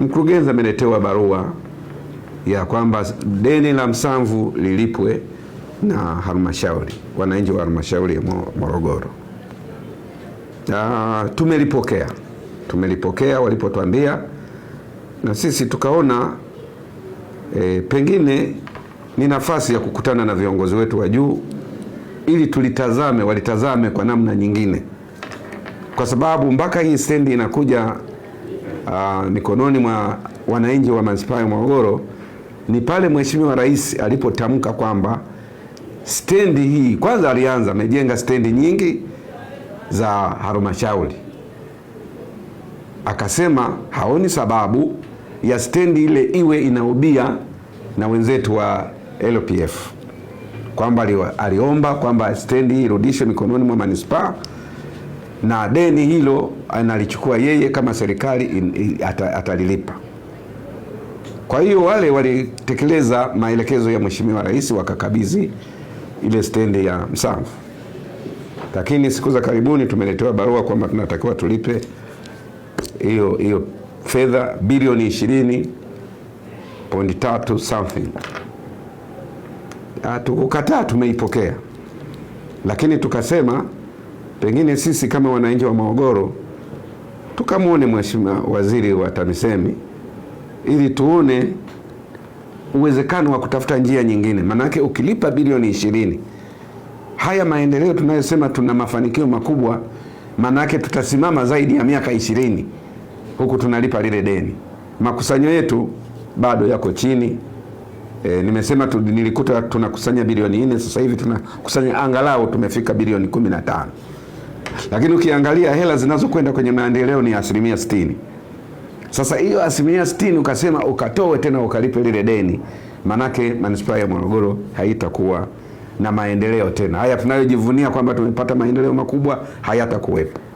Mkurugenzi ameletewa barua ya kwamba deni la Msamvu lilipwe na halmashauri, wananchi wa halmashauri ya Morogoro. Ah, tumelipokea tumelipokea walipotuambia, na sisi tukaona e, pengine ni nafasi ya kukutana na viongozi wetu wa juu ili tulitazame, walitazame kwa namna nyingine, kwa sababu mpaka hii stendi inakuja uh, mikononi mwa wananchi wa manispaa ya Morogoro ni pale Mheshimiwa Rais alipotamka kwamba stendi hii, kwanza alianza amejenga stendi nyingi za halmashauri, akasema haoni sababu ya stendi ile iwe inaubia na wenzetu wa LPF, kwamba aliomba kwamba stendi hii irudishwe mikononi mwa manispaa na deni hilo analichukua yeye kama serikali atalilipa. Kwa hiyo wale walitekeleza maelekezo ya Mheshimiwa Rais wakakabidhi ile stendi ya Msamvu, lakini siku za karibuni tumeletewa barua kwamba tunatakiwa tulipe hiyo hiyo fedha bilioni ishirini pointi tatu something. Ah, tukukataa, tumeipokea, lakini tukasema pengine sisi kama wananchi wa Morogoro tukamwone Mheshimiwa Waziri wa TAMISEMI ili tuone uwezekano wa kutafuta njia nyingine, maanake ukilipa bilioni ishirini, haya maendeleo tunayosema tuna mafanikio makubwa, maanake tutasimama zaidi ya miaka ishirini huku tunalipa lile deni. Makusanyo yetu bado yako chini. E, nimesema tu, nilikuta tunakusanya bilioni nne, sasa hivi tunakusanya angalau tumefika bilioni kumi na tano lakini ukiangalia hela zinazokwenda kwenye maendeleo ni asilimia sitini. Sasa hiyo asilimia sitini ukasema ukatoe tena ukalipe lile deni, manake manispaa ya Morogoro haitakuwa na maendeleo tena. Haya tunayojivunia kwamba tumepata maendeleo makubwa hayatakuwepo.